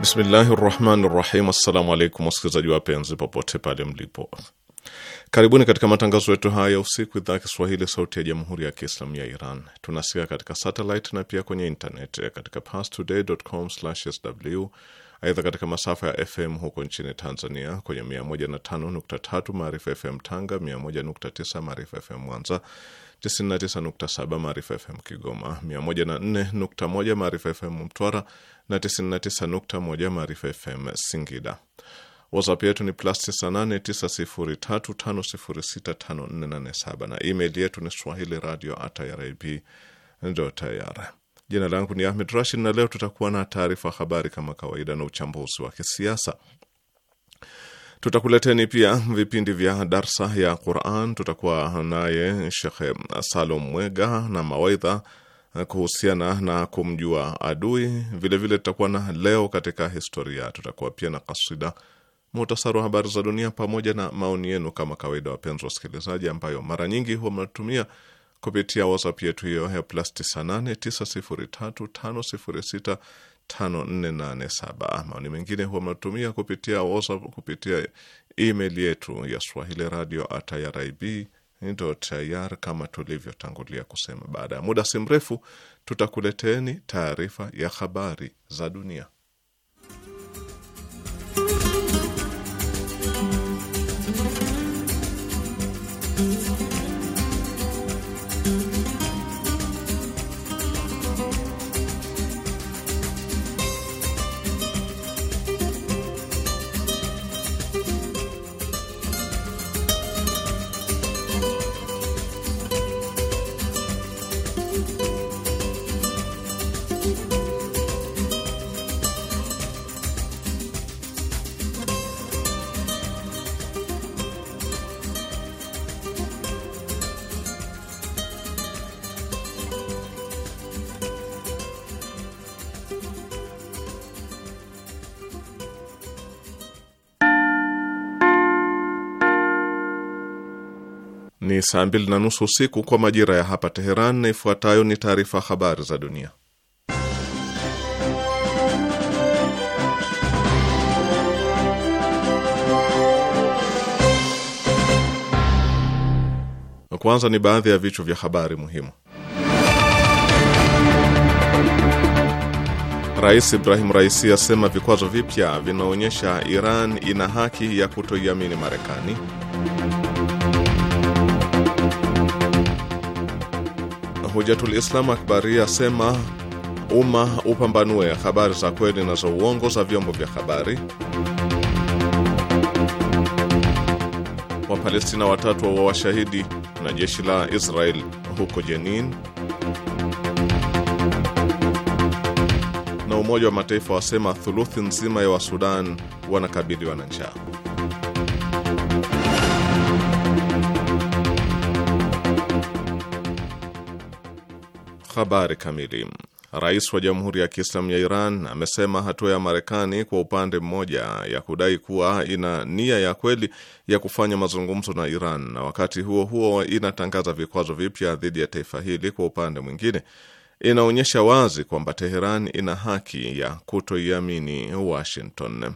Bismillahi rahmani rahim. Assalamu alaikum wasikilizaji wapenzi popote pale mlipo, karibuni katika matangazo yetu haya ya usiku, idhaa ya Kiswahili sauti ya jamhuri ya kiislamu ya Iran. Tunasikika katika satelit na pia kwenye internet katika com sw Aidha, katika masafa ya FM huko nchini Tanzania kwenye 105.3 Maarifa FM Tanga, 101.9 Maarifa FM Mwanza, 99.7 Maarifa FM Kigoma, 104.1 Maarifa FM Mtwara na 99.1 Maarifa FM Singida. WhatsApp yetu ni plus 989035065487 na email yetu ni swahili radio at ndo tayari Jina langu ni Ahmed Rashid, na leo tutakuwa na taarifa habari kama kawaida na uchambuzi wa kisiasa. Tutakuleteni pia vipindi vya darsa ya Quran. Tutakuwa naye Shekhe Salum Mwega na mawaidha kuhusiana na kumjua adui. Vilevile tutakuwa na leo katika historia, tutakuwa pia na kasida, muhtasari wa habari za dunia, pamoja na maoni yenu kama kawaida, wapenzi wasikilizaji, ambayo mara nyingi huwa mnatumia kupitia WhatsApp yetu hiyo ya plus 989035065487. Maoni mengine huwa mnatumia kupitia WhatsApp, kupitia email yetu ya swahili radio at irib tayari kama tulivyotangulia kusema, baada ya muda si mrefu tutakuleteni taarifa ya habari za dunia. saa mbili na nusu usiku kwa majira ya hapa Teheran, na ifuatayo ni taarifa habari za dunia. Kwanza ni baadhi ya vichwa vya habari muhimu. Rais Ibrahim Raisi asema vikwazo vipya vinaonyesha Iran ina haki ya kutoiamini Marekani. Hujatul Islam Akbari asema umma upambanue habari za kweli na za uongo za vyombo vya habari. Wapalestina watatu wa washahidi na jeshi la Israel huko Jenin. Na Umoja wa Mataifa wasema thuluthi nzima ya Wasudan wanakabiliwa na njaa. Habari kamili. Rais wa Jamhuri ya Kiislamu ya Iran amesema hatua ya Marekani kwa upande mmoja ya kudai kuwa ina nia ya kweli ya kufanya mazungumzo na Iran na wakati huo huo inatangaza vikwazo vipya dhidi ya taifa hili kwa upande mwingine inaonyesha wazi kwamba Teheran ina haki ya kutoiamini Washington.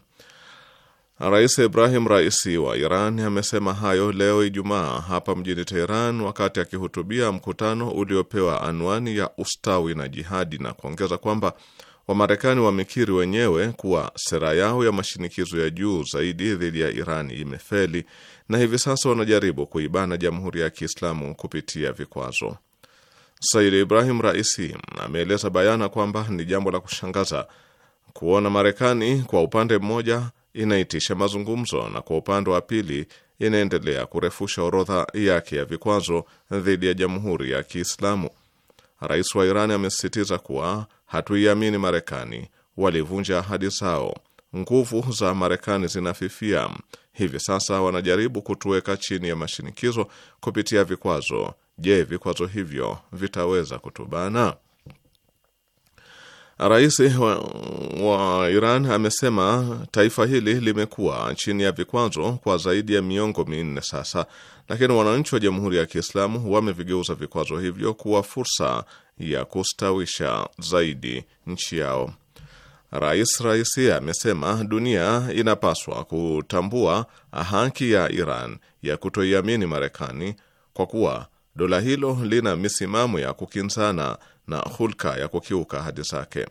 Rais Ibrahim Raisi wa Iran amesema hayo leo Ijumaa hapa mjini Teheran wakati akihutubia mkutano uliopewa anwani ya ustawi na jihadi, na kuongeza kwamba Wamarekani wamekiri wenyewe kuwa sera yao ya mashinikizo ya juu zaidi dhidi ya Iran imefeli na hivi sasa wanajaribu kuibana Jamhuri ya Kiislamu kupitia vikwazo. Said Ibrahim Raisi ameeleza bayana kwamba ni jambo la kushangaza kuona Marekani kwa upande mmoja inaitisha mazungumzo na kwa upande wa pili inaendelea kurefusha orodha yake ya vikwazo dhidi ya Jamhuri ya Kiislamu. Rais wa Iran amesisitiza kuwa hatuiamini Marekani, walivunja ahadi zao, nguvu za Marekani zinafifia, hivi sasa wanajaribu kutuweka chini ya mashinikizo kupitia vikwazo. Je, vikwazo hivyo vitaweza kutubana? Rais wa, wa Iran amesema taifa hili limekuwa chini ya vikwazo kwa zaidi ya miongo minne sasa, lakini wananchi wa Jamhuri ya Kiislamu wamevigeuza vikwazo hivyo kuwa fursa ya kustawisha zaidi nchi yao. Rais Raisi amesema dunia inapaswa kutambua haki ya Iran ya kutoiamini Marekani kwa kuwa dola hilo lina misimamo ya kukinzana na hulka ya kukiuka ahadi zake.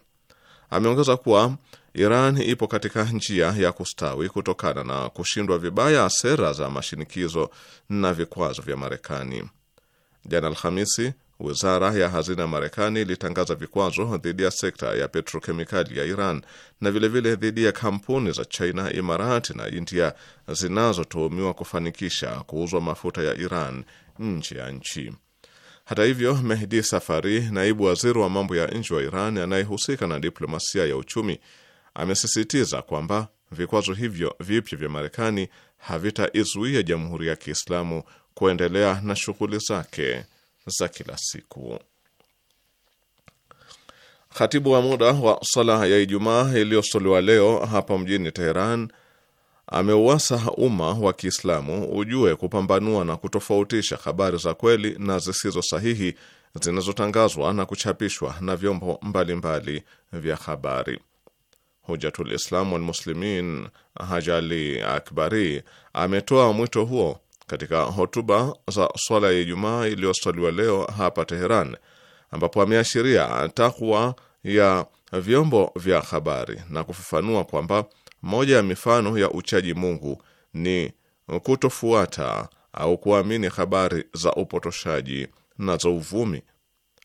Ameongeza kuwa Iran ipo katika njia ya kustawi kutokana na kushindwa vibaya sera za mashinikizo na vikwazo vya Marekani. Jana Alhamisi, wizara ya hazina ya Marekani ilitangaza vikwazo dhidi ya sekta ya petrokemikali ya Iran na vilevile dhidi ya kampuni za China, Imarati na India zinazotuhumiwa kufanikisha kuuzwa mafuta ya Iran nje ya nchi. Hata hivyo, Mehdi Safari, naibu waziri wa mambo ya nje wa Iran anayehusika na diplomasia ya uchumi, amesisitiza kwamba vikwazo hivyo vipya vya Marekani havitaizuia Jamhuri ya Kiislamu kuendelea na shughuli zake za kila siku. Khatibu wa muda wa sala ya Ijumaa iliyosaliwa leo hapa mjini Teheran ameuasa umma wa Kiislamu ujue kupambanua na kutofautisha habari za kweli na zisizo sahihi zinazotangazwa na kuchapishwa na vyombo mbalimbali vya habari. Hujatul Islam wal Muslimin Hajali Akbari ametoa mwito huo katika hotuba za swala ya Ijumaa iliyosaliwa leo hapa Teheran, ambapo ameashiria takwa ya vyombo vya habari na kufafanua kwamba moja ya mifano ya uchaji Mungu ni kutofuata au kuamini habari za upotoshaji na za uvumi.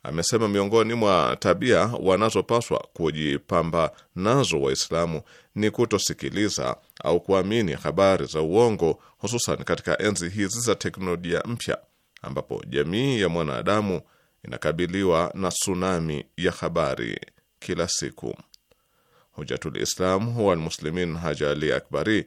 Amesema miongoni mwa tabia wanazopaswa kujipamba nazo Waislamu ni kutosikiliza au kuamini habari za uongo, hususan katika enzi hizi za teknolojia mpya ambapo jamii ya mwanadamu inakabiliwa na tsunami ya habari kila siku. Hujatul Islam wal Muslimin Haja Ali Akbari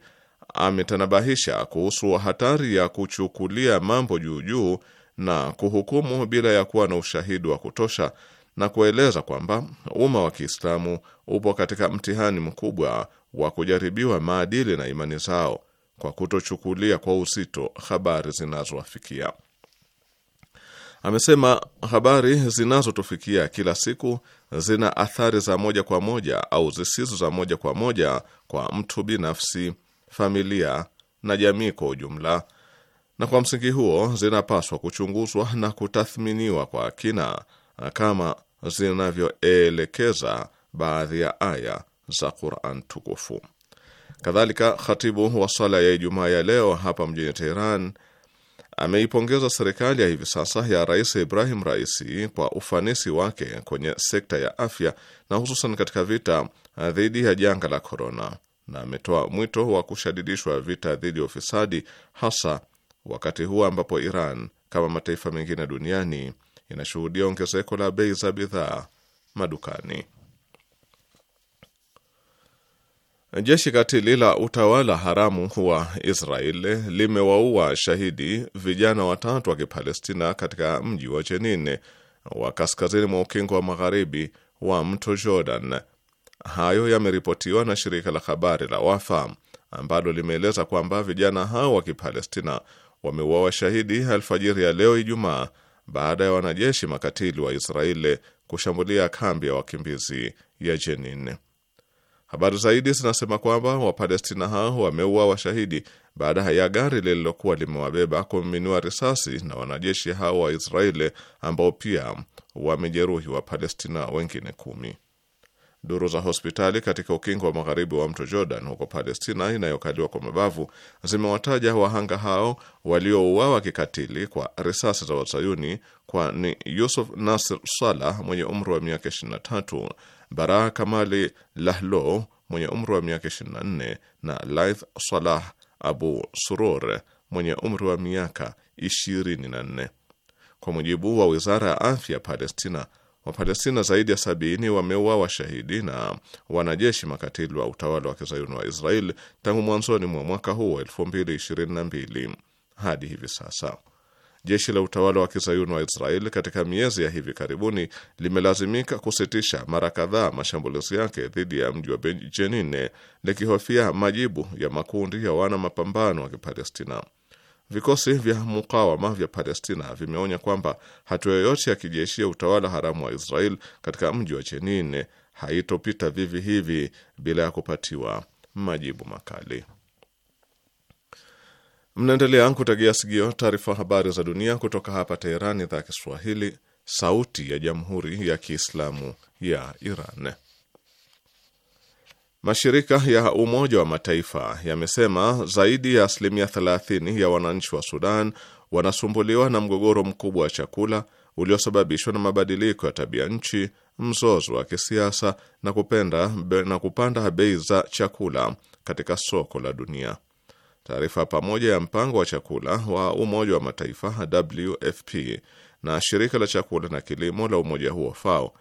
ametanabahisha kuhusu hatari ya kuchukulia mambo juujuu na kuhukumu bila ya kuwa na ushahidi wa kutosha na kueleza kwamba umma wa Kiislamu upo katika mtihani mkubwa wa kujaribiwa maadili na imani zao kwa kutochukulia kwa uzito habari zinazowafikia. Amesema habari zinazotufikia kila siku zina athari za moja kwa moja au zisizo za moja kwa moja kwa mtu binafsi, familia na jamii kwa ujumla, na kwa msingi huo zinapaswa kuchunguzwa na kutathminiwa kwa kina kama zinavyoelekeza baadhi ya aya za Qur'an tukufu. Kadhalika, khatibu wa swala ya Ijumaa ya leo hapa mjini Teheran ameipongeza serikali ya hivi sasa ya Rais Ibrahim Raisi kwa ufanisi wake kwenye sekta ya afya na hususan katika vita eh, dhidi ya janga la korona, na ametoa mwito wa kushadidishwa vita dhidi ya ufisadi, hasa wakati huu ambapo Iran kama mataifa mengine duniani inashuhudia ongezeko la bei za bidhaa madukani. Jeshi katili la utawala haramu wa Israel limewaua shahidi vijana watatu wa Kipalestina katika mji wa Jenin wa kaskazini mwa ukingo wa magharibi wa mto Jordan. Hayo yameripotiwa na shirika la habari la Wafa ambalo limeeleza kwamba vijana hao wa Kipalestina wameuawa shahidi alfajiri ya leo Ijumaa baada ya wanajeshi makatili wa Israeli kushambulia kambi ya wakimbizi ya Jenin. Habari zaidi zinasema kwamba Wapalestina hao wameua washahidi baada ya gari lililokuwa limewabeba kumiminiwa risasi na wanajeshi hao wa Israeli ambao pia wamejeruhi Wapalestina wengine kumi. Duru za hospitali katika ukingo wa magharibi wa mto Jordan huko Palestina inayokaliwa kwa mabavu zimewataja wahanga hao waliouawa kikatili kwa risasi za Wazayuni kwa ni Yusuf Nasir Salah mwenye umri wa miaka 23 Bara Kamali Lahlo mwenye umri wa miaka 24 na Laith Salah Abu Surur mwenye umri wa miaka 24. Kwa mujibu wa wizara ya afya ya Palestina, Wapalestina zaidi ya sabini wameuawa washahidi na wanajeshi makatili wa utawala wa kizayuni wa Israel tangu mwanzoni mwa mwaka huu wa 2022 hadi hivi sasa jeshi la utawala wa kizayuni wa Israeli katika miezi ya hivi karibuni limelazimika kusitisha mara kadhaa mashambulizi yake dhidi ya mji wa bejenine likihofia majibu ya makundi ya wana mapambano wa Kipalestina. Vikosi vya mukawama vya Palestina vimeonya kwamba hatua yoyote ya kijeshi ya utawala haramu wa Israel katika mji wa Jenine haitopita vivi hivi bila ya kupatiwa majibu makali. Mnaendelea kutegea sikio taarifa habari za dunia kutoka hapa Teherani, idhaa ya Kiswahili, sauti ya jamhuri ya kiislamu ya Iran. Mashirika ya Umoja wa Mataifa yamesema zaidi ya asilimia 30 ya wananchi wa Sudan wanasumbuliwa na mgogoro mkubwa wa chakula uliosababishwa na mabadiliko ya tabia nchi, mzozo wa kisiasa na kupenda, na kupanda bei za chakula katika soko la dunia. Taarifa pamoja ya mpango wa chakula wa Umoja wa Mataifa WFP na shirika la chakula na kilimo la umoja huo FAO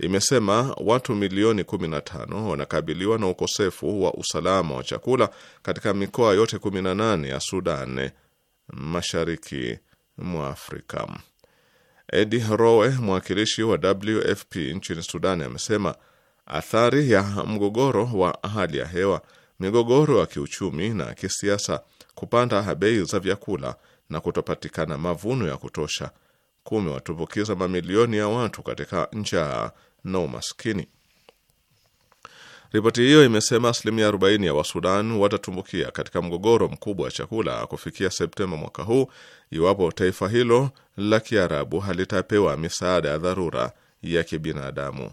imesema watu milioni 15 wanakabiliwa na ukosefu wa usalama wa chakula katika mikoa yote 18 ya Sudan Mashariki mwa Afrika. Edi Rowe, mwakilishi wa WFP nchini Sudani, amesema athari ya mgogoro wa hali ya hewa migogoro ya kiuchumi na kisiasa, kupanda bei za vyakula na kutopatikana mavuno ya kutosha kumewatumbukiza mamilioni ya watu katika njaa na umaskini. Ripoti hiyo imesema asilimia 40 ya Wasudan watatumbukia katika mgogoro mkubwa wa chakula kufikia Septemba mwaka huu iwapo taifa hilo la Kiarabu halitapewa misaada ya dharura ya kibinadamu.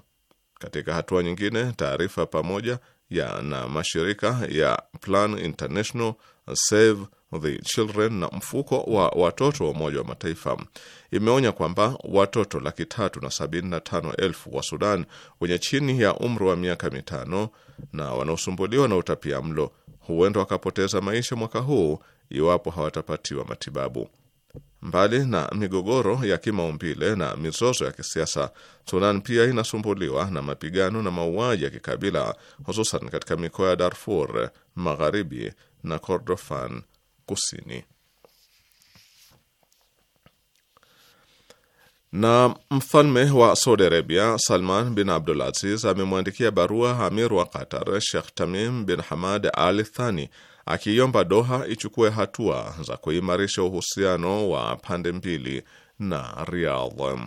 Katika hatua nyingine, taarifa pamoja ya na mashirika ya Plan International, Save the Children na mfuko wa watoto wa Umoja wa Mataifa imeonya kwamba watoto laki tatu na sabini na tano elfu wa Sudan wenye chini ya umri wa miaka mitano na wanaosumbuliwa na utapia mlo huenda wakapoteza maisha mwaka huu iwapo hawatapatiwa matibabu. Mbali na migogoro ya kimaumbile na mizozo ya kisiasa, Sudan pia inasumbuliwa na mapigano na mauaji ya kikabila, hususan katika mikoa ya Darfur magharibi na Kordofan kusini. Na mfalme wa Saudi Arabia Salman bin Abdul Aziz amemwandikia barua amir wa Qatar Sheikh Tamim bin Hamad Al Thani akiiomba Doha ichukue hatua za kuimarisha uhusiano wa pande mbili na Riyadh.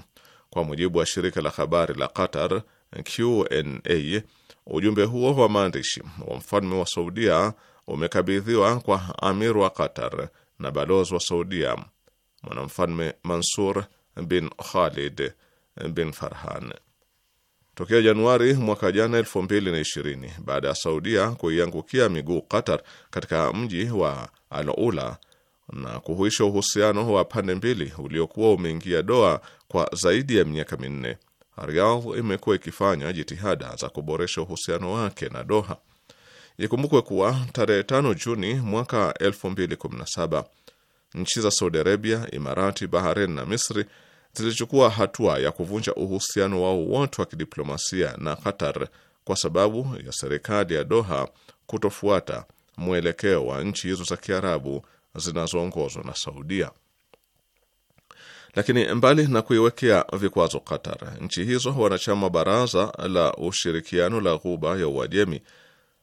Kwa mujibu wa shirika la habari la Qatar QNA, ujumbe huo wa maandishi wa mfalme wa Saudia umekabidhiwa kwa amir wa Qatar na balozi wa Saudia mwanamfalme Mansur bin Khalid bin Farhan tokea Januari mwaka jana 2020 baada ya Saudia kuiangukia miguu Qatar katika mji wa Al Ula na kuhuisha uhusiano wa pande mbili uliokuwa umeingia doa kwa zaidi ya miaka minne. Riyadh imekuwa ikifanya jitihada za kuboresha uhusiano wake na Doha. Ikumbukwe kuwa tarehe 5 Juni mwaka 2017 nchi za Saudi Arabia, Imarati, Bahrain na Misri zilichukua hatua ya kuvunja uhusiano wao wote wa kidiplomasia na Qatar kwa sababu ya serikali ya Doha kutofuata mwelekeo wa nchi hizo za Kiarabu zinazoongozwa na Saudia. Lakini mbali na kuiwekea vikwazo Qatar, nchi hizo wanachama wa Baraza la Ushirikiano la Ghuba ya Uajemi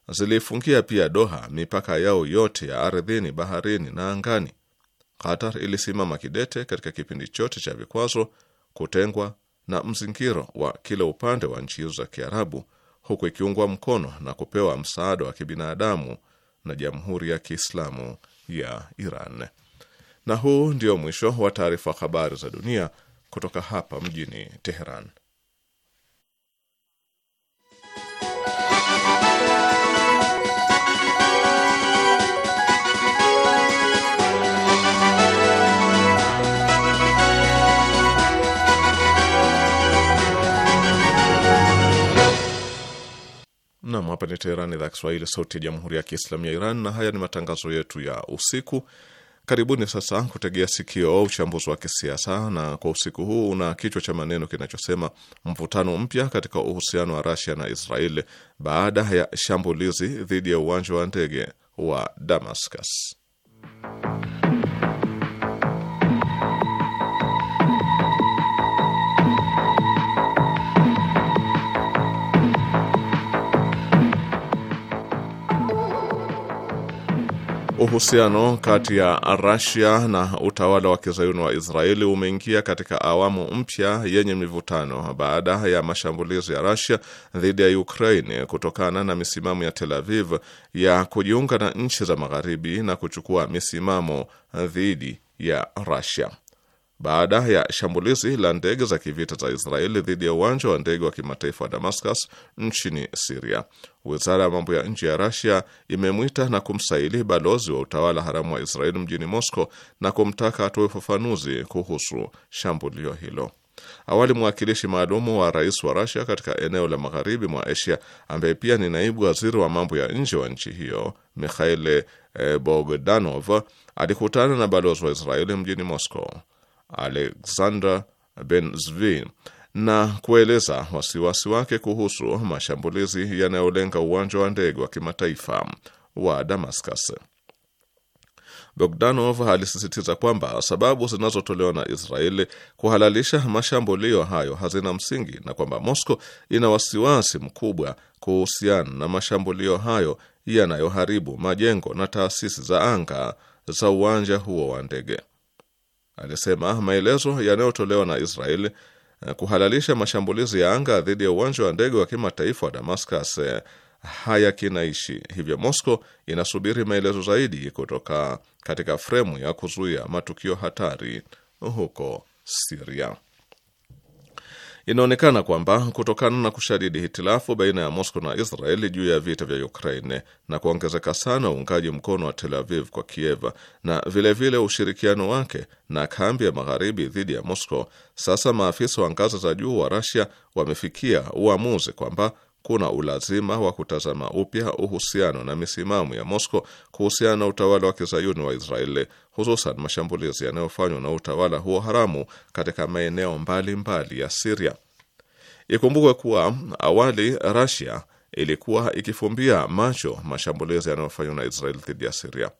zilifungia pia Doha mipaka yao yote ya ardhini, baharini na angani. Qatar ilisimama kidete katika kipindi chote cha vikwazo, kutengwa na mzingiro wa kila upande wa nchi hizo za Kiarabu, huku ikiungwa mkono na kupewa msaada wa kibinadamu na Jamhuri ya Kiislamu ya Iran. Na huu ndio mwisho wa taarifa habari za dunia kutoka hapa mjini Teheran. Hapa ni Teheran, idhaa Kiswahili, sauti ya jamhuri ya kiislamu ya Iran, na haya ni matangazo yetu ya usiku. Karibuni sasa kutegea sikio uchambuzi wa kisiasa, na kwa usiku huu una kichwa cha maneno kinachosema mvutano mpya katika uhusiano wa Rasia na Israeli baada ya shambulizi dhidi ya uwanja wa ndege wa Damascus. Uhusiano kati ya Russia na utawala wa kizayuni wa Israeli umeingia katika awamu mpya yenye mivutano baada ya mashambulizi ya Russia dhidi ya Ukraine kutokana na misimamo ya Tel Aviv ya kujiunga na nchi za magharibi na kuchukua misimamo dhidi ya Russia baada ya shambulizi la ndege za kivita za Israeli dhidi ya uwanja wa ndege wa kimataifa wa Damascus nchini Siria. Wizara ya mambo ya nje ya Rasia imemwita na kumsaili balozi wa utawala haramu wa Israeli mjini Moscow na kumtaka atoe ufafanuzi kuhusu shambulio hilo. Awali mwakilishi maalumu wa rais wa Rasia katika eneo la magharibi mwa Asia, ambaye pia ni naibu waziri wa mambo ya nje wa nchi hiyo, Mikhail Bogdanov, alikutana na balozi wa Israeli mjini Moscow. Alexander Zvi na kueleza wasiwasi wake kuhusu mashambulizi yanayolenga uwanja wa ndege wa kimataifa wa Damascus. Bogdanov alisisitiza kwamba sababu zinazotolewa na Israeli kuhalalisha mashambulio hayo hazina msingi na kwamba Moscow ina wasiwasi mkubwa kuhusiana na mashambulio hayo yanayoharibu majengo na taasisi za anga za uwanja huo wa ndege. Alisema maelezo yanayotolewa na Israel eh, kuhalalisha mashambulizi ya anga dhidi ya uwanja wa ndege wa kimataifa wa Damascus eh, hayakinaishi, hivyo Moscow inasubiri maelezo zaidi kutoka katika fremu ya kuzuia matukio hatari huko Siria. Inaonekana kwamba kutokana na kushadidi hitilafu baina ya Moscow na Israel juu ya vita vya Ukraine na kuongezeka sana uungaji mkono wa Tel Aviv kwa Kiev na vilevile vile ushirikiano wake na kambi ya magharibi dhidi ya Moscow, sasa maafisa wa ngazi za juu wa Russia wamefikia uamuzi kwamba kuna ulazima wa kutazama upya uhusiano na misimamo ya Moscow kuhusiana na utawala wa kizayuni wa Israeli, hususan mashambulizi yanayofanywa na utawala huo haramu katika maeneo mbalimbali ya Siria. Ikumbukwe kuwa awali rasia ilikuwa ikifumbia macho mashambulizi yanayofanywa na Israeli dhidi ya Siria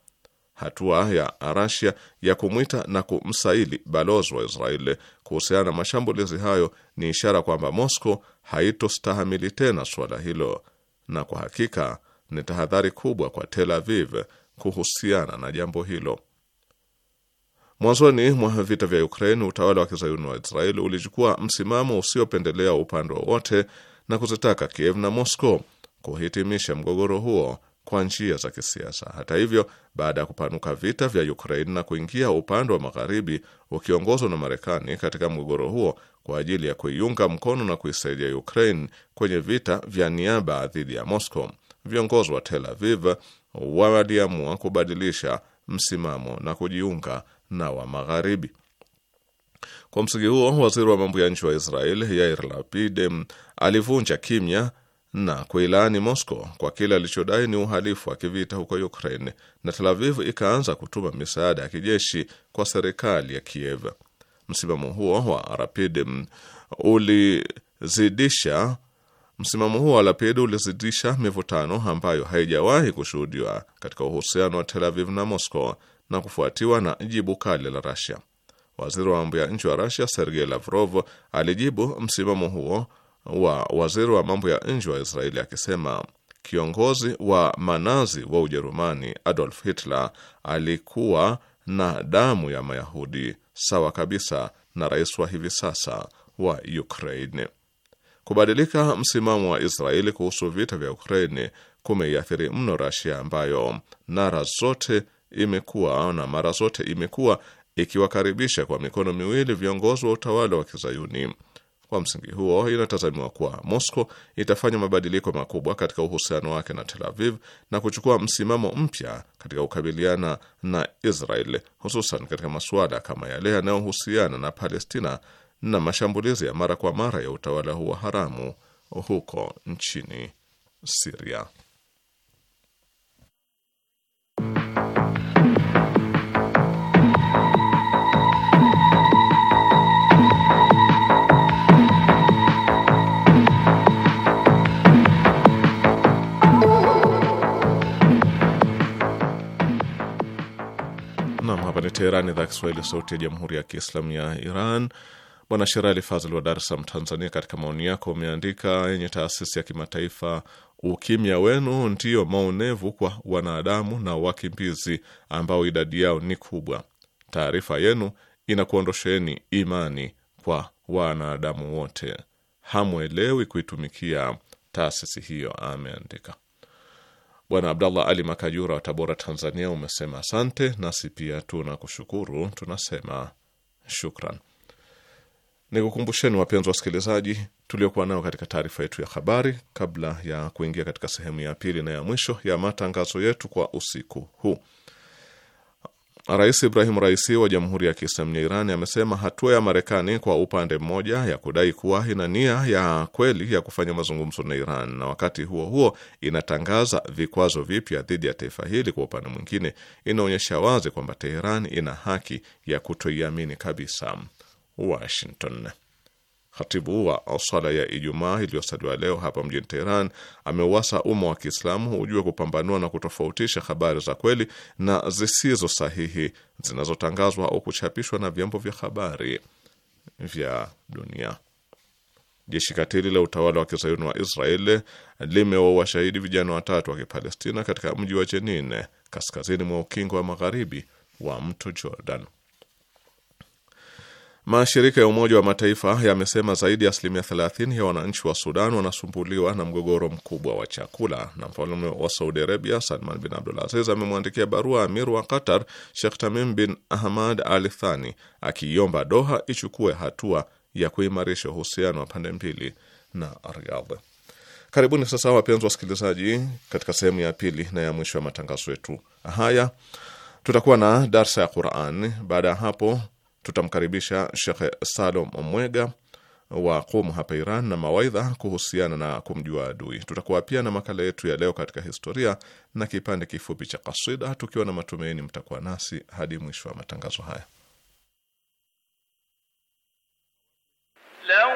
hatua ya Rasia ya kumwita na kumsaili balozi wa Israeli kuhusiana na mashambulizi hayo ni ishara kwamba Moscow haitostahamili tena suala hilo, na kwa hakika ni tahadhari kubwa kwa Tel Aviv kuhusiana na jambo hilo. Mwanzoni mwa vita vya Ukraine, utawala wa kizayuni wa Israeli ulichukua msimamo usiopendelea upande wowote na kuzitaka Kiev na Moscow kuhitimisha mgogoro huo kwa njia za kisiasa. Hata hivyo, baada ya kupanuka vita vya Ukraine na kuingia upande wa magharibi ukiongozwa na Marekani katika mgogoro huo kwa ajili ya kuiunga mkono na kuisaidia Ukraine kwenye vita vya niaba dhidi ya Moscow, viongozi wa Tel Aviv waliamua kubadilisha msimamo na kujiunga na wa magharibi. Kwa msingi huo, waziri wa mambo ya nje wa Israel Yair Lapid alivunja kimya na kuilaani Moscow kwa kile alichodai ni uhalifu wa kivita huko Ukraine, na Tel Aviv ikaanza kutuma misaada ya kijeshi kwa serikali ya Kiev. Msimamo huo wa rapid mm, ulizidisha msimamo huo wa Lapid ulizidisha mivutano ambayo haijawahi kushuhudiwa katika uhusiano wa Tel Aviv na Moscow na kufuatiwa na jibu kali la Russia. Waziri wa mambo ya nchi wa Russia Sergei Lavrov alijibu msimamo huo wa waziri wa mambo ya nje wa Israeli akisema kiongozi wa manazi wa Ujerumani Adolf Hitler alikuwa na damu ya Mayahudi sawa kabisa na rais wa hivi sasa wa Ukraine. Kubadilika msimamo wa Israeli kuhusu vita vya Ukraine kumeiathiri mno Rasia, ambayo nara zote imekuwa na mara zote imekuwa ikiwakaribisha kwa mikono miwili viongozi wa utawala wa kizayuni kwa msingi huo, inatazamiwa kuwa Moscow itafanya mabadiliko makubwa katika uhusiano wake na Tel Aviv na kuchukua msimamo mpya katika kukabiliana na Israel, hususan katika masuala kama yale yanayohusiana na Palestina na mashambulizi ya mara kwa mara ya utawala huo haramu huko nchini Siria. ni Teherani, idhaa Kiswahili, sauti ya jamhuri ya kiislamu ya Iran. Bwana Sherali Fazl wa Dar es Salaam, Tanzania, katika maoni yako umeandika yenye taasisi ya kimataifa ukimya wenu ndiyo maonevu kwa wanadamu na wakimbizi ambao idadi yao ni kubwa. Taarifa yenu inakuondosheni imani kwa wanadamu wote, hamwelewi kuitumikia taasisi hiyo, ameandika. Bwana Abdallah Ali Makajura wa Tabora, Tanzania, umesema asante. Nasi pia tunakushukuru, tunasema shukran. ni kukumbusheni wapenzi wasikilizaji, tuliokuwa nao katika taarifa yetu ya habari kabla ya kuingia katika sehemu ya pili na ya mwisho ya matangazo yetu kwa usiku huu. Rais Ibrahim Raisi wa Jamhuri ya Kiislamu ya Iran amesema hatua ya Marekani kwa upande mmoja ya kudai kuwa ina nia ya kweli ya kufanya mazungumzo na Iran na wakati huo huo inatangaza vikwazo vipya dhidi ya taifa hili kwa upande mwingine, inaonyesha wazi kwamba Teheran ina haki ya kutoiamini kabisa Washington. Khatibu wa swala ya Ijumaa iliyosaliwa leo hapa mjini Teheran ameuasa umma wa Kiislamu ujue kupambanua na kutofautisha habari za kweli na zisizo sahihi zinazotangazwa au kuchapishwa na vyombo vya habari vya dunia. Jeshi katili la utawala wa kizayuni wa Israeli limewaua washahidi vijana watatu wa Kipalestina katika mji wa Jenin, kaskazini mwa ukingo wa magharibi wa mto Jordan. Mashirika ya Umoja wa Mataifa yamesema zaidi ya asilimia 30 ya wananchi wa Sudan wanasumbuliwa na mgogoro mkubwa wa chakula, na mfalme wa Saudi Arabia Salman bin aziz amemwandikia barua amir wa Qatar Sheikh Tamim bin Ahmad Al Thani akiiomba Doha ichukue hatua ya kuimarisha uhusiano wa pande mbili na Riyadh. Karibuni sasa, wapenzi wasikilizaji, katika sehemu ya pili na ya mwisho ya matangazo yetu haya. Tutakuwa na darsa ya Quran. Baada ya hapo tutamkaribisha Shekhe Salom Mwega wa Qum hapa Iran na mawaidha kuhusiana na kumjua adui. Tutakuwa pia na makala yetu ya leo katika historia na kipande kifupi cha kasida, tukiwa na matumaini mtakuwa nasi hadi mwisho wa matangazo haya leo.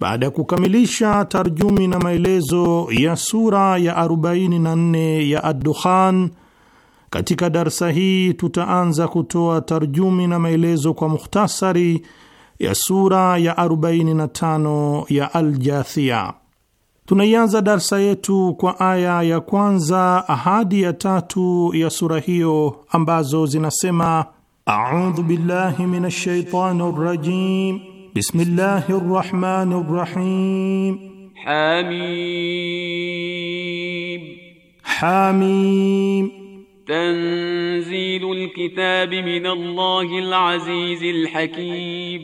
baada ya kukamilisha tarjumi na maelezo ya sura ya 44 ya Ad-Dukhan, katika darsa hii tutaanza kutoa tarjumi na maelezo kwa mukhtasari ya sura ya 45 ya al jathiya Tunaianza darsa yetu kwa aya ya kwanza hadi ya tatu ya sura hiyo ambazo zinasema: a'udhu billahi minash shaitani rajim Bismillahi rrahmani rrahim. Hamim. Hamim. Tanzilul kitabi minallahil azizil hakim.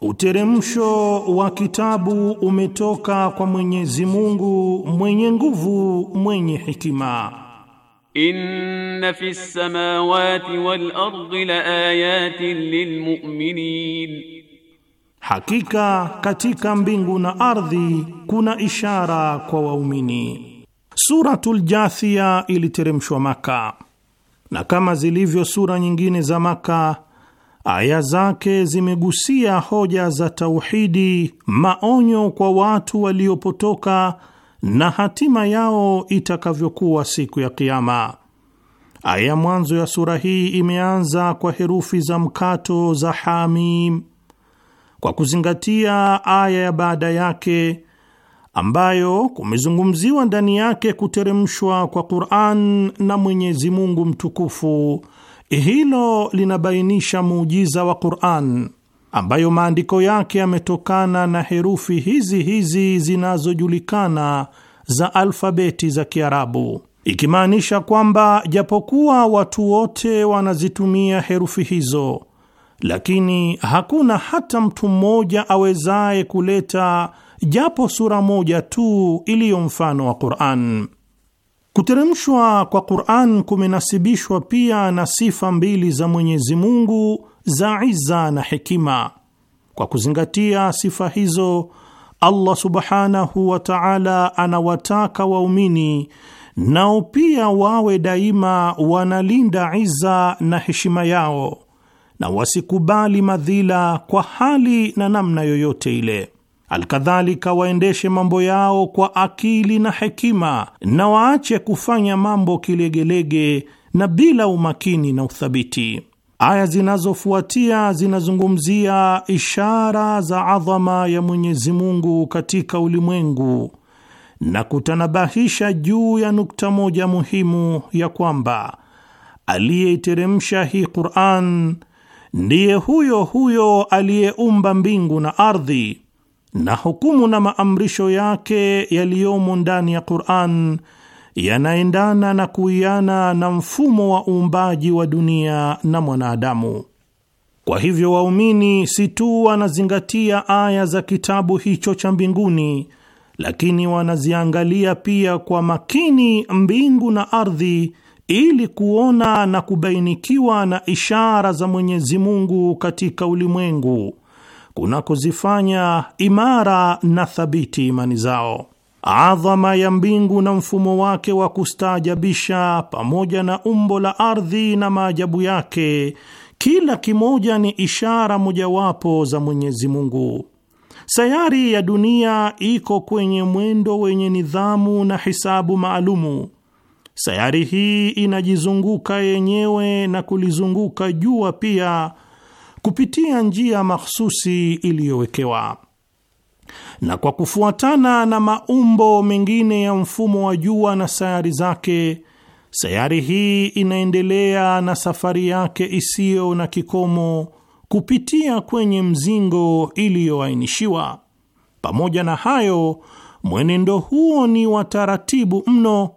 Uteremsho wa kitabu umetoka kwa Mwenyezi Mungu mwenye nguvu mwenye hikima. Inna fis samawati wal ardi laayatin lilmu'minin Hakika katika mbingu na ardhi kuna ishara kwa waumini. Suratul Jathia iliteremshwa Maka, na kama zilivyo sura nyingine za Maka, aya zake zimegusia hoja za tauhidi, maonyo kwa watu waliopotoka na hatima yao itakavyokuwa siku ya Kiama. Aya mwanzo ya sura hii imeanza kwa herufi za mkato za Hamim kwa kuzingatia aya ya baada yake ambayo kumezungumziwa ndani yake kuteremshwa kwa Qur'an na Mwenyezi Mungu mtukufu, hilo linabainisha muujiza wa Qur'an ambayo maandiko yake yametokana na herufi hizi hizi zinazojulikana za alfabeti za Kiarabu, ikimaanisha kwamba japokuwa watu wote wanazitumia herufi hizo lakini hakuna hata mtu mmoja awezaye kuleta japo sura moja tu iliyo mfano wa Qur'an. Kuteremshwa kwa Qur'an kumenasibishwa pia na sifa mbili za Mwenyezi Mungu za iza na hekima. Kwa kuzingatia sifa hizo, Allah Subhanahu wa Ta'ala anawataka waumini nao pia wawe daima wanalinda iza na heshima yao na wasikubali madhila kwa hali na namna yoyote ile. Alkadhalika, waendeshe mambo yao kwa akili na hekima, na waache kufanya mambo kilegelege na bila umakini na uthabiti. Aya zinazofuatia zinazungumzia ishara za adhama ya Mwenyezi Mungu katika ulimwengu na kutanabahisha juu ya nukta moja muhimu ya kwamba aliyeiteremsha hii Qur'an ndiye huyo huyo aliyeumba mbingu na ardhi, na hukumu na maamrisho yake yaliyomo ndani ya Qur'an yanaendana na kuiana na mfumo wa uumbaji wa dunia na mwanadamu. Kwa hivyo, waumini si tu wanazingatia aya za kitabu hicho cha mbinguni, lakini wanaziangalia pia kwa makini mbingu na ardhi ili kuona na kubainikiwa na ishara za Mwenyezi Mungu katika ulimwengu kunakozifanya imara na thabiti imani zao. Adhama ya mbingu na mfumo wake wa kustaajabisha, pamoja na umbo la ardhi na maajabu yake, kila kimoja ni ishara mojawapo za Mwenyezi Mungu. Sayari ya dunia iko kwenye mwendo wenye nidhamu na hisabu maalumu Sayari hii inajizunguka yenyewe na kulizunguka jua pia kupitia njia mahsusi iliyowekewa, na kwa kufuatana na maumbo mengine ya mfumo wa jua na sayari zake, sayari hii inaendelea na safari yake isiyo na kikomo kupitia kwenye mzingo iliyoainishiwa. Pamoja na hayo, mwenendo huo ni wa taratibu mno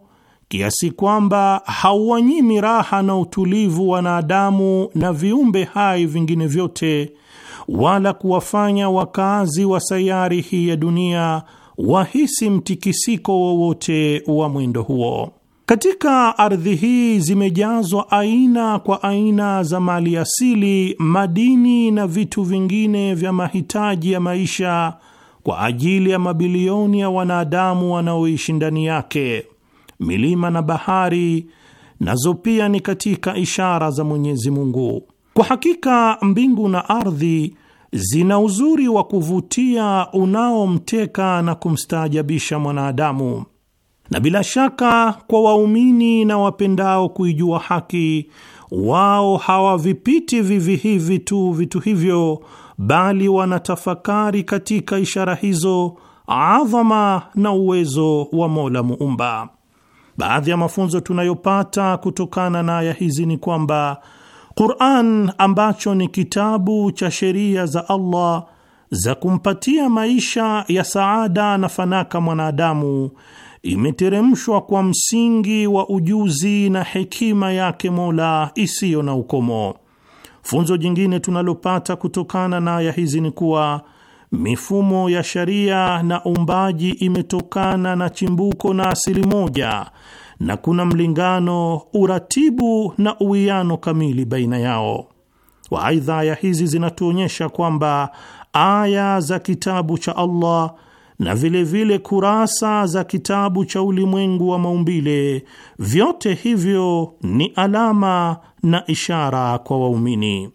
kiasi kwamba hauwanyimi raha na utulivu wanadamu na viumbe hai vingine vyote, wala kuwafanya wakazi wa sayari hii ya dunia wahisi mtikisiko wowote wa, wa mwendo huo. Katika ardhi hii zimejazwa aina kwa aina za mali asili, madini na vitu vingine vya mahitaji ya maisha kwa ajili ya mabilioni ya wanadamu wanaoishi ndani yake milima na bahari nazo pia ni katika ishara za Mwenyezi Mungu. Kwa hakika mbingu na ardhi zina uzuri wa kuvutia unaomteka na kumstaajabisha mwanadamu, na bila shaka kwa waumini na wapendao kuijua haki, wao hawavipiti vivi hivi tu vitu hivyo, bali wanatafakari katika ishara hizo, adhama na uwezo wa Mola Muumba. Baadhi ya mafunzo tunayopata kutokana na aya hizi ni kwamba Qur'an ambacho ni kitabu cha sheria za Allah za kumpatia maisha ya saada na fanaka mwanadamu imeteremshwa kwa msingi wa ujuzi na hekima yake Mola isiyo na ukomo. Funzo jingine tunalopata kutokana na aya hizi ni kuwa Mifumo ya sharia na umbaji imetokana na chimbuko na asili moja, na kuna mlingano, uratibu na uwiano kamili baina yao. Waaidha, aya hizi zinatuonyesha kwamba aya za kitabu cha Allah na vilevile vile kurasa za kitabu cha ulimwengu wa maumbile, vyote hivyo ni alama na ishara kwa waumini.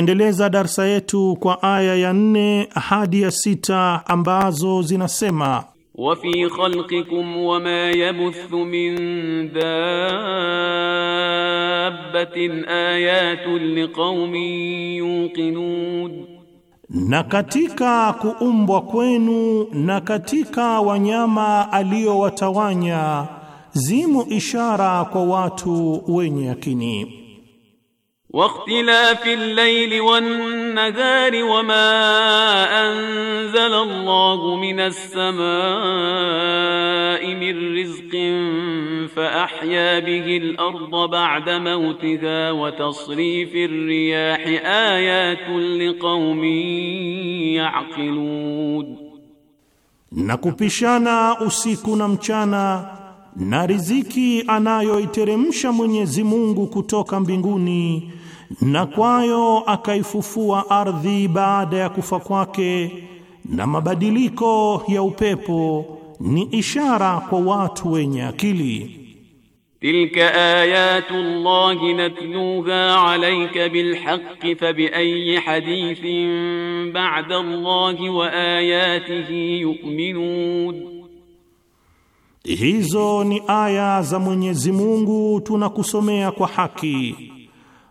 Tunaiendeleza darsa yetu kwa aya ya nne hadi ya sita ambazo zinasema wafi khalqikum wama yabuthu min dabbatin ayatun liqaumin yuqinun, na katika kuumbwa kwenu na katika wanyama aliyowatawanya zimo ishara kwa watu wenye yakini. واختلاف الليل والنهار وما انزل الله من السماء من رزق فاحيا به الارض بعد موتها وتصريف الرياح ايات لقوم يعقلون na kupishana usiku na riziki anayoiteremsha Mwenyezi Mungu kutoka mbinguni na kwayo akaifufua ardhi baada ya kufa kwake, na mabadiliko ya upepo ni ishara kwa watu wenye akili. Tilka ayatu Allahi natluha alayka bilhaqqi fa bi ayyi hadithin ba'da Allahi wa ayatihi yu'minun Hizo ni aya za Mwenyezi Mungu tunakusomea kwa haki.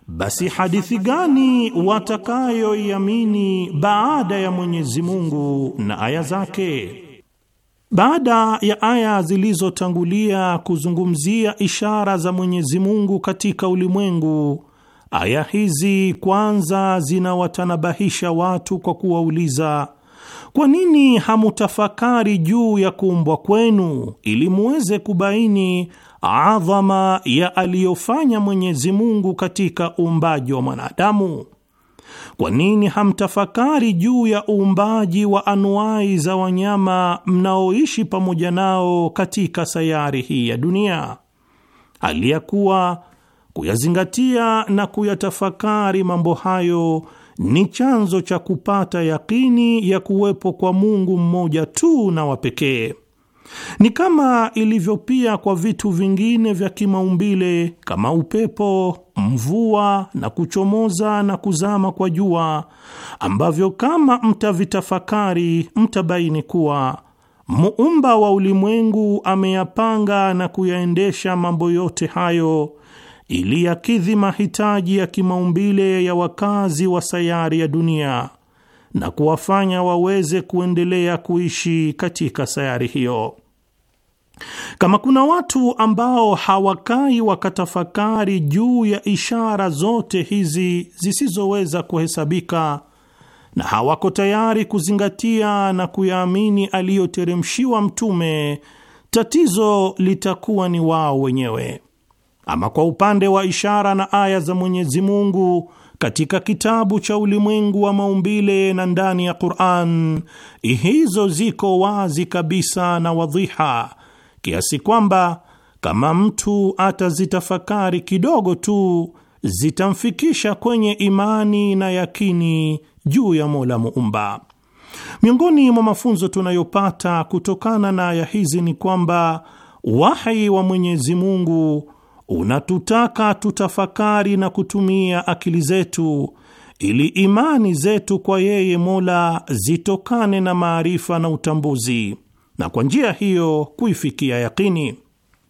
Basi hadithi gani watakayoiamini baada ya Mwenyezi Mungu na aya zake? Baada ya aya zilizotangulia kuzungumzia ishara za Mwenyezi Mungu katika ulimwengu, aya hizi kwanza zinawatanabahisha watu kwa kuwauliza kwa nini hamutafakari juu ya kuumbwa kwenu ili muweze kubaini adhama ya aliyofanya Mwenyezi Mungu katika uumbaji wa mwanadamu? Kwa nini hamtafakari juu ya uumbaji wa anuai za wanyama mnaoishi pamoja nao katika sayari hii ya dunia? Hali ya kuwa kuyazingatia na kuyatafakari mambo hayo ni chanzo cha kupata yakini ya kuwepo kwa Mungu mmoja tu na wa pekee. Ni kama ilivyo pia kwa vitu vingine vya kimaumbile kama upepo, mvua na kuchomoza na kuzama kwa jua, ambavyo kama mtavitafakari mtabaini kuwa muumba wa ulimwengu ameyapanga na kuyaendesha mambo yote hayo ili yakidhi mahitaji ya kimaumbile ya wakazi wa sayari ya dunia na kuwafanya waweze kuendelea kuishi katika sayari hiyo. Kama kuna watu ambao hawakai wakatafakari juu ya ishara zote hizi zisizoweza kuhesabika na hawako tayari kuzingatia na kuyaamini aliyoteremshiwa Mtume, tatizo litakuwa ni wao wenyewe. Ama kwa upande wa ishara na aya za Mwenyezi Mungu katika kitabu cha ulimwengu wa maumbile na ndani ya Qur'an, hizo ziko wazi kabisa na wadhiha kiasi kwamba kama mtu atazitafakari kidogo tu zitamfikisha kwenye imani na yakini juu ya Mola Muumba. Miongoni mwa mafunzo tunayopata kutokana na aya hizi ni kwamba wahi wa Mwenyezi Mungu unatutaka tutafakari na kutumia akili zetu ili imani zetu kwa yeye Mola zitokane na maarifa na utambuzi, na kwa njia hiyo kuifikia yakini.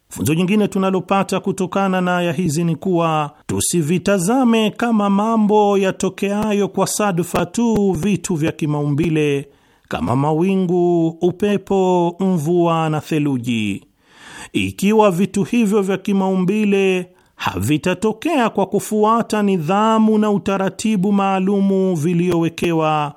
Funzo nyingine tunalopata kutokana na aya hizi ni kuwa tusivitazame kama mambo yatokeayo kwa sadfa tu vitu vya kimaumbile kama mawingu, upepo, mvua na theluji ikiwa vitu hivyo vya kimaumbile havitatokea kwa kufuata nidhamu na utaratibu maalumu viliyowekewa,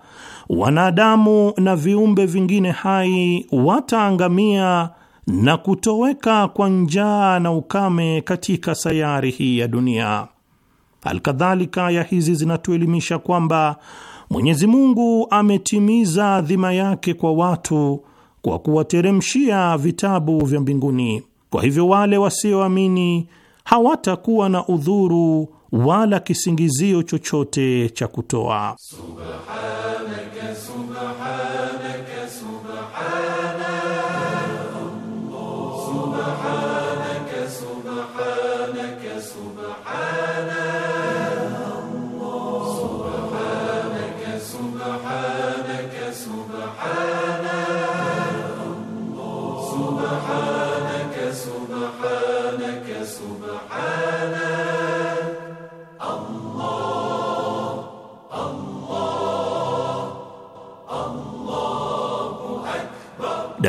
wanadamu na viumbe vingine hai wataangamia na kutoweka kwa njaa na ukame katika sayari hii ya dunia. Alkadhalika, aya hizi zinatuelimisha kwamba Mwenyezi Mungu ametimiza dhima yake kwa watu kwa kuwateremshia vitabu vya mbinguni. Kwa hivyo wale wasioamini hawatakuwa na udhuru wala kisingizio chochote cha kutoa. Subhanaka, subhanaka.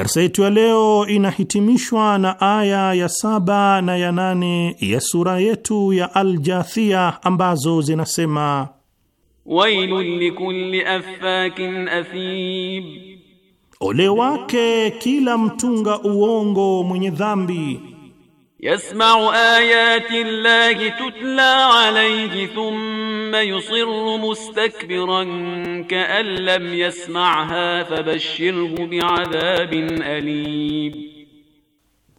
Darsa yetu ya leo inahitimishwa na aya ya saba na ya nane ya sura yetu ya Aljathia ambazo zinasema: wailun likulli affakin athib, ole wake kila mtunga uongo mwenye dhambi yasma'u ayati llahi tutla alayhi thumma yusirru mustakbiran ka'an lam yasma'ha fabashshirhu bi'adhabin alim,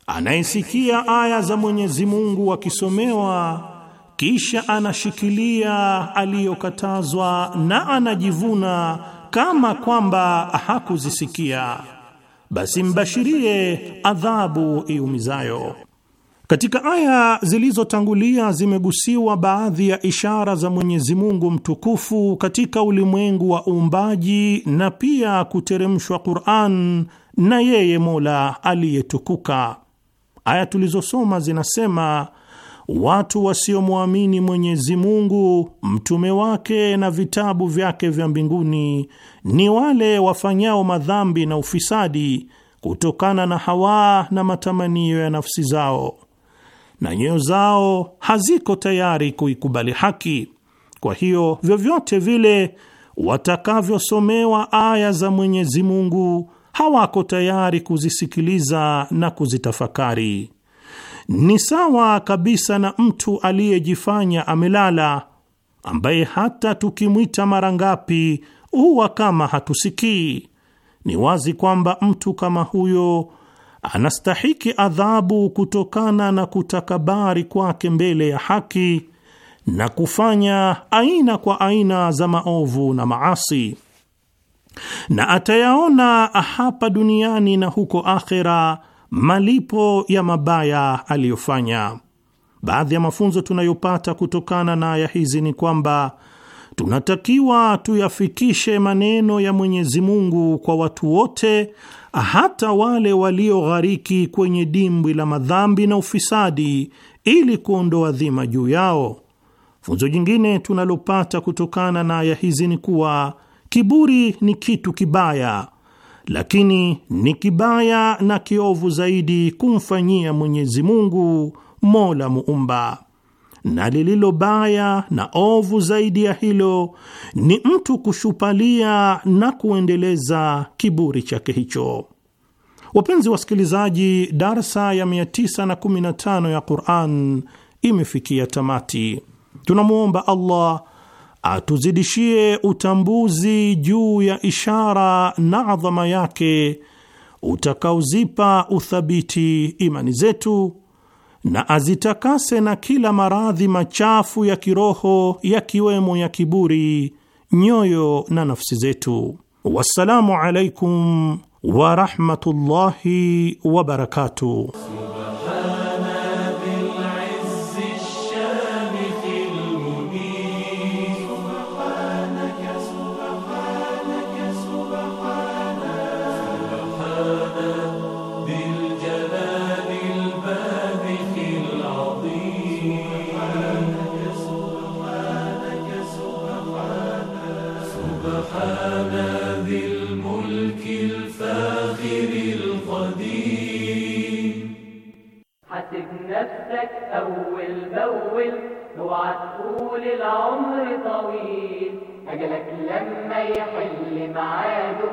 anayesikia aya za Mwenyezi Mungu akisomewa kisha anashikilia aliyokatazwa na anajivuna kama kwamba hakuzisikia, basi mbashirie adhabu iumizayo. Katika aya zilizotangulia zimegusiwa baadhi ya ishara za Mwenyezi Mungu mtukufu katika ulimwengu wa uumbaji na pia kuteremshwa Qur'an na yeye Mola aliyetukuka. Aya tulizosoma zinasema watu wasiomwamini Mwenyezi Mungu, mtume wake na vitabu vyake vya mbinguni ni wale wafanyao madhambi na ufisadi kutokana na hawa na matamanio ya nafsi zao na nyoyo zao haziko tayari kuikubali haki. Kwa hiyo vyovyote vile watakavyosomewa aya za Mwenyezi Mungu hawako tayari kuzisikiliza na kuzitafakari. Ni sawa kabisa na mtu aliyejifanya amelala, ambaye hata tukimwita mara ngapi huwa kama hatusikii. Ni wazi kwamba mtu kama huyo anastahiki adhabu kutokana na kutakabari kwake mbele ya haki na kufanya aina kwa aina za maovu na maasi, na atayaona hapa duniani na huko akhera malipo ya mabaya aliyofanya. Baadhi ya mafunzo tunayopata kutokana na aya hizi ni kwamba tunatakiwa tuyafikishe maneno ya Mwenyezi Mungu kwa watu wote hata wale walioghariki kwenye dimbwi la madhambi na ufisadi ili kuondoa dhima juu yao. Funzo jingine tunalopata kutokana na aya hizi ni kuwa kiburi ni kitu kibaya, lakini ni kibaya na kiovu zaidi kumfanyia Mwenyezi Mungu Mola muumba na lililo baya na ovu zaidi ya hilo ni mtu kushupalia na kuendeleza kiburi chake hicho. Wapenzi wasikilizaji, darsa ya 915 ya Quran imefikia tamati. Tunamwomba Allah atuzidishie utambuzi juu ya ishara na adhama yake utakaozipa uthabiti imani zetu na azitakase na kila maradhi machafu ya kiroho yakiwemo ya kiburi, nyoyo na nafsi zetu. Wassalamu alaikum warahmatullahi wabarakatuh. أجلك لما يحل ميعاده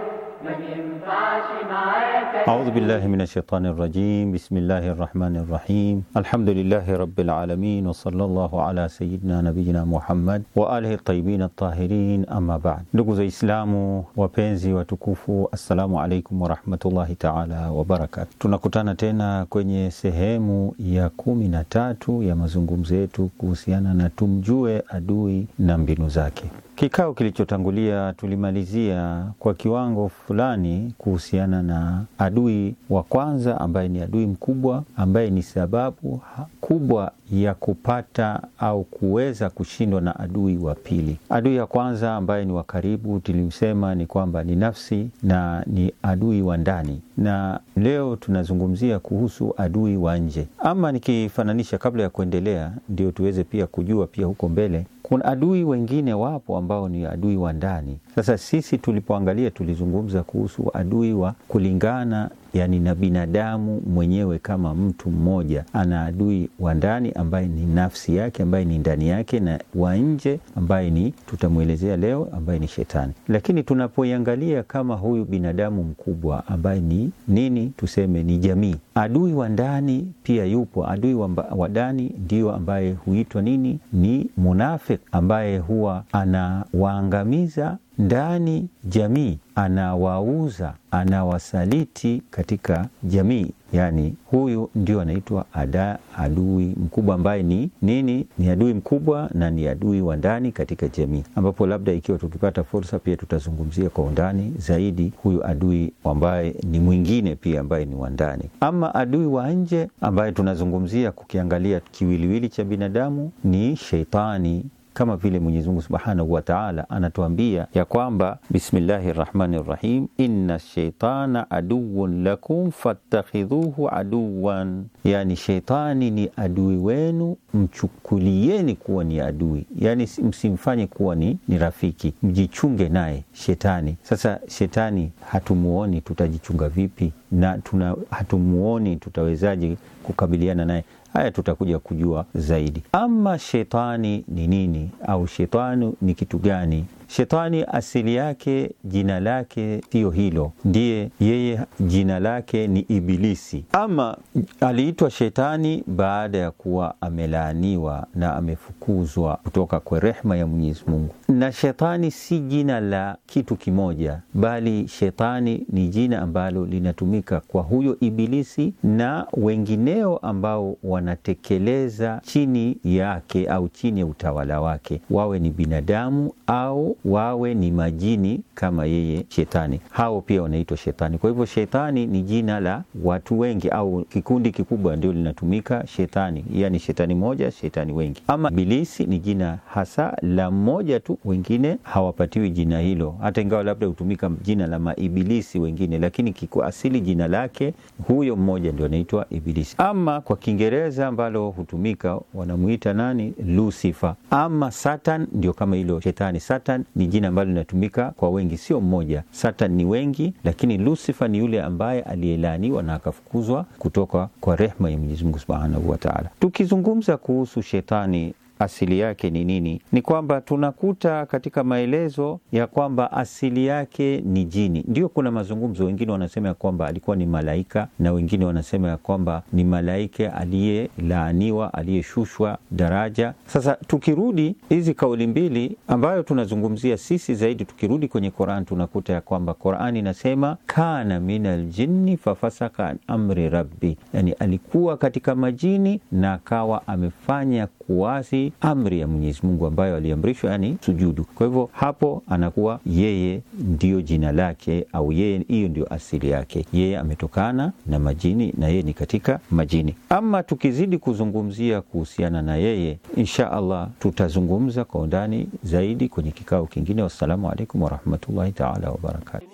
أعوذ بالله من الشيطان الرجيم بسم الله الرحمن الرحيم الحمد لله رب العالمين وصلى الله على سيدنا نبينا Muhammad wa alihi tayyibin tahirin amma ba'd. Ndugu za Islamu wapenzi watukufu, assalamu alaikum warahmatullahi taala wabarakatu. Tunakutana tena kwenye sehemu ya kumi na tatu ya mazungumzo yetu kuhusiana na tumjue adui na mbinu zake. Kikao kilichotangulia tulimalizia kwa kiwango fulani kuhusiana na adui wa kwanza ambaye ni adui mkubwa ambaye ni sababu kubwa ya kupata au kuweza kushindwa na adui wa pili. Adui ya kwanza ambaye ni wa karibu tulimsema ni kwamba ni nafsi na ni adui wa ndani, na leo tunazungumzia kuhusu adui wa nje. Ama nikifananisha, kabla ya kuendelea, ndio tuweze pia kujua pia huko mbele kuna adui wengine wapo ambao ni adui wa ndani sasa sisi tulipoangalia, tulizungumza kuhusu adui wa kulingana yani na binadamu mwenyewe kama mtu mmoja ana adui wa ndani ambaye ni nafsi yake ambaye ni ndani yake, na wa nje ambaye ni tutamwelezea leo, ambaye ni Shetani. Lakini tunapoiangalia kama huyu binadamu mkubwa ambaye ni nini, tuseme ni jamii, adui wa ndani pia yupo. Adui wa ndani ndio ambaye huitwa nini, ni munafik ambaye huwa anawaangamiza ndani jamii, anawauza anawasaliti katika jamii. Yani huyu ndio anaitwa ada adui mkubwa, ambaye ni nini? Ni adui mkubwa na ni adui wa ndani katika jamii, ambapo labda ikiwa tukipata fursa pia tutazungumzia kwa undani zaidi huyu adui ambaye ni mwingine pia ambaye ni wa ndani. Ama adui wa nje ambaye tunazungumzia kukiangalia kiwiliwili cha binadamu ni sheitani kama vile Mwenyezi Mungu Subhanahu wa Ta'ala anatuambia ya kwamba bismillahi rahmani rahim, inna shaitana aduwun lakum fattakhidhuhu aduwan, yani shaitani ni adui wenu, mchukulieni kuwa ni adui, yani msimfanye kuwa ni, ni rafiki, mjichunge naye shetani. Sasa shetani hatumuoni, tutajichunga vipi? na tuna hatumuoni, tutawezaje kukabiliana naye? Haya tutakuja kujua zaidi. Ama shetani ni nini au shetani ni kitu gani? Shetani asili yake jina lake siyo hilo, ndiye yeye jina lake ni Ibilisi, ama aliitwa shetani baada ya kuwa amelaaniwa na amefukuzwa kutoka kwa rehma ya Mwenyezi Mungu. Na shetani si jina la kitu kimoja, bali shetani ni jina ambalo linatumika kwa huyo Ibilisi na wengineo ambao wanatekeleza chini yake au chini ya utawala wake, wawe ni binadamu au wawe ni majini kama yeye shetani. Hao pia wanaitwa shetani. Kwa hivyo shetani ni jina la watu wengi au kikundi kikubwa ndio linatumika shetani, yani shetani moja, shetani wengi. Ama bilisi ni jina hasa la mmoja tu, wengine hawapatiwi jina hilo, hata ingawa labda hutumika jina la maibilisi wengine, lakini kiko asili jina lake huyo mmoja ndio anaitwa ibilisi. Ama kwa Kiingereza ambalo hutumika wanamuita nani? Lucifer ama Satan, ndio kama hilo shetani. Satan ni jina ambalo linatumika kwa wengi, sio mmoja. Satan ni wengi, lakini Lucifer ni yule ambaye aliyelaaniwa na akafukuzwa kutoka kwa rehma ya Mwenyezi Mungu subhanahu wa taala. Tukizungumza kuhusu shetani asili yake ni nini, ni kwamba tunakuta katika maelezo ya kwamba asili yake ni jini. Ndio kuna mazungumzo, wengine wanasema ya kwamba alikuwa ni malaika na wengine wanasema ya kwamba ni malaika aliyelaaniwa, aliyeshushwa daraja. Sasa tukirudi hizi kauli mbili ambayo tunazungumzia sisi zaidi, tukirudi kwenye qoran tunakuta ya kwamba qoran inasema kana min jinni fafasaka an amri rabbi, yani alikuwa katika majini na akawa amefanya kuasi amri ya Mwenyezi Mungu ambayo aliamrishwa, yani sujudu. Kwa hivyo hapo anakuwa yeye ndiyo jina lake, au yeye hiyo ndio asili yake, yeye ametokana na majini na yeye ni katika majini. Ama tukizidi kuzungumzia kuhusiana na yeye, insha Allah tutazungumza kwa undani zaidi kwenye kikao kingine. Wassalamu alaikum warahmatullahi taala wabarakatu.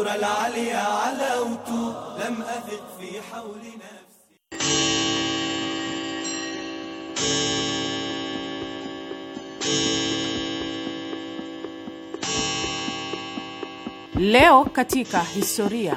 الدور العالي علوت لم أثق في حول نفسي Leo katika historia.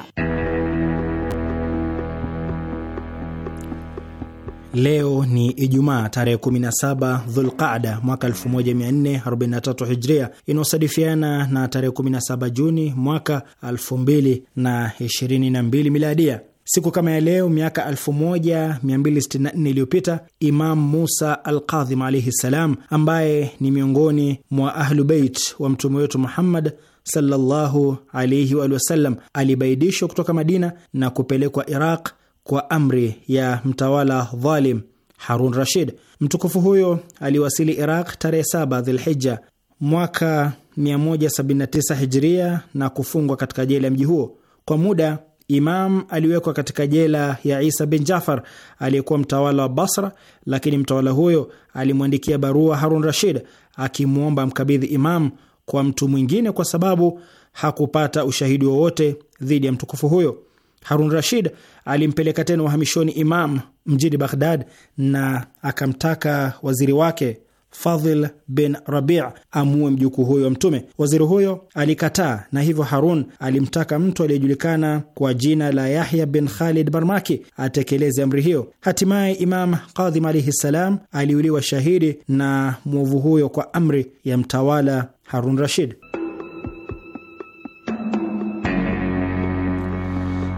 Leo ni Ijumaa tarehe 17 Dhulqaada mwaka 1443 Hijria, inayosadifiana na tarehe 17 Juni mwaka 2022 Miladia. Siku kama ya leo miaka 1264 iliyopita Imam Musa al Kadhim alaihi ssalam, ambaye ni miongoni mwa Ahlu Beit wa mtume wetu Muhammad sallallahu alaihi waalihi wasallam, alibaidishwa kutoka Madina na kupelekwa Iraq kwa amri ya mtawala dhalim Harun Rashid. Mtukufu huyo aliwasili Iraq tarehe 7 Dhilhija mwaka 179 Hijria na kufungwa katika jela ya mji huo kwa muda. Imam aliwekwa katika jela ya Isa bin Jafar aliyekuwa mtawala wa Basra, lakini mtawala huyo alimwandikia barua Harun Rashid akimwomba mkabidhi Imam kwa mtu mwingine kwa sababu hakupata ushahidi wowote dhidi ya mtukufu huyo. Harun Rashid alimpeleka tena uhamishoni Imam mjini Baghdad na akamtaka waziri wake Fadhil bin Rabi amue mjukuu huyo wa Mtume. Waziri huyo alikataa, na hivyo Harun alimtaka mtu aliyejulikana kwa jina la Yahya bin Khalid Barmaki atekeleze amri hiyo. Hatimaye Imam Kadhim alaihi ssalam aliuliwa shahidi na mwovu huyo kwa amri ya mtawala Harun Rashid.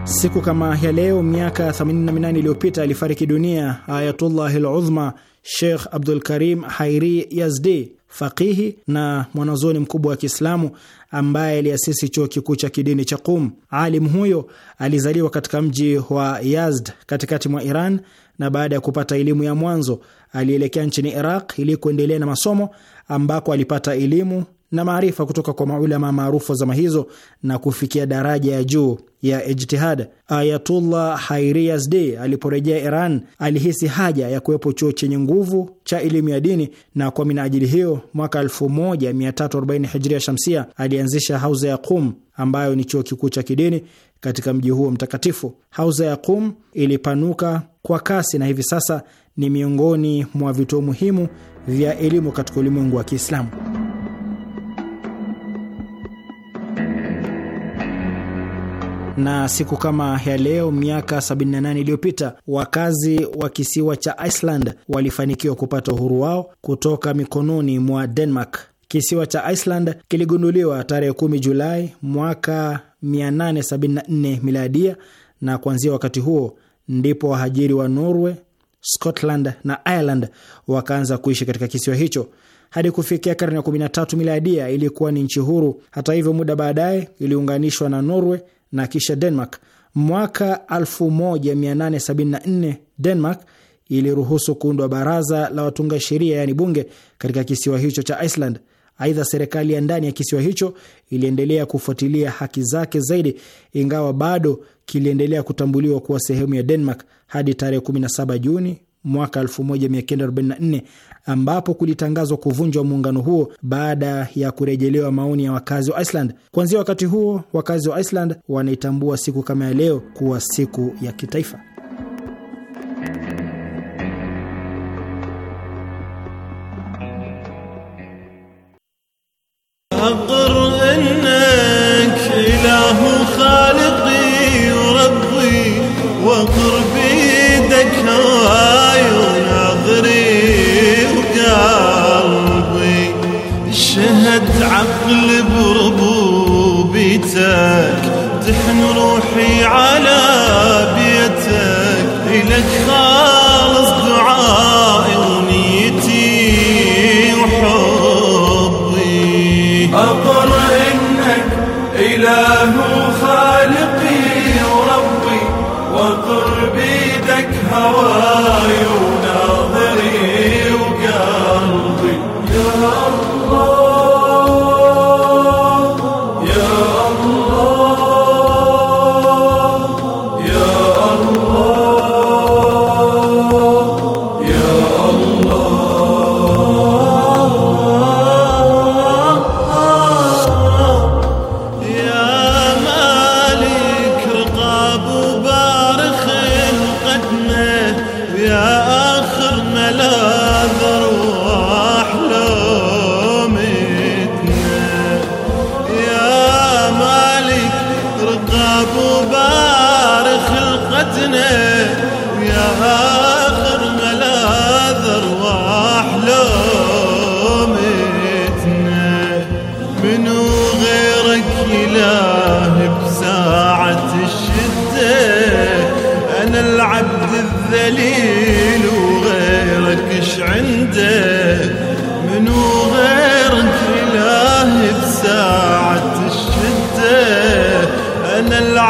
Siku kama ya leo miaka 88 iliyopita alifariki dunia Ayatullah al-Uzma Sheikh Abdul Karim Hairi Yazdi, faqihi na mwanazoni mkubwa wa Kiislamu ambaye aliasisi chuo kikuu cha kidini cha Qum. Alim huyo alizaliwa katika mji wa Yazd katikati mwa Iran, na baada ya kupata elimu ya mwanzo alielekea nchini Iraq ili kuendelea na masomo ambako alipata elimu na maarifa kutoka kwa maulama maarufu wa zama hizo na kufikia daraja ya juu ya ijtihad. Ayatullah Hairi Yazdi aliporejea Iran alihisi haja ya kuwepo chuo chenye nguvu cha elimu ya dini, na kwa ajili hiyo mwaka 1340 hijria shamsia alianzisha hauza ya Qum ambayo ni chuo kikuu cha kidini katika mji huo mtakatifu. Hauza ya Qum ilipanuka kwa kasi na hivi sasa ni miongoni mwa vituo muhimu vya elimu katika ulimwengu wa Kiislamu. na siku kama ya leo miaka 78 iliyopita wakazi wa kisiwa cha Iceland walifanikiwa kupata uhuru wao kutoka mikononi mwa Denmark. Kisiwa cha Iceland kiligunduliwa tarehe 10 Julai mwaka 874 miladia, na kuanzia wakati huo ndipo wahajiri wa Norway, Scotland na Ireland wakaanza kuishi katika kisiwa hicho hadi kufikia karne ya 13 miladia ilikuwa ni nchi huru. Hata hivyo, muda baadaye iliunganishwa na Norway na kisha Denmark. Mwaka 1874 Denmark iliruhusu kuundwa baraza la watunga sheria, yaani bunge, katika kisiwa hicho cha Iceland. Aidha, serikali ya ndani ya kisiwa hicho iliendelea kufuatilia haki zake zaidi, ingawa bado kiliendelea kutambuliwa kuwa sehemu ya Denmark hadi tarehe 17 Juni mwaka 1944 ambapo kulitangazwa kuvunjwa muungano huo baada ya kurejelewa maoni ya wakazi wa Iceland. Kuanzia wakati huo, wakazi wa Iceland wanaitambua siku kama ya leo kuwa siku ya kitaifa.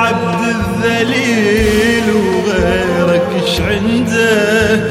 العبد الذليل وغيرك ايش عنده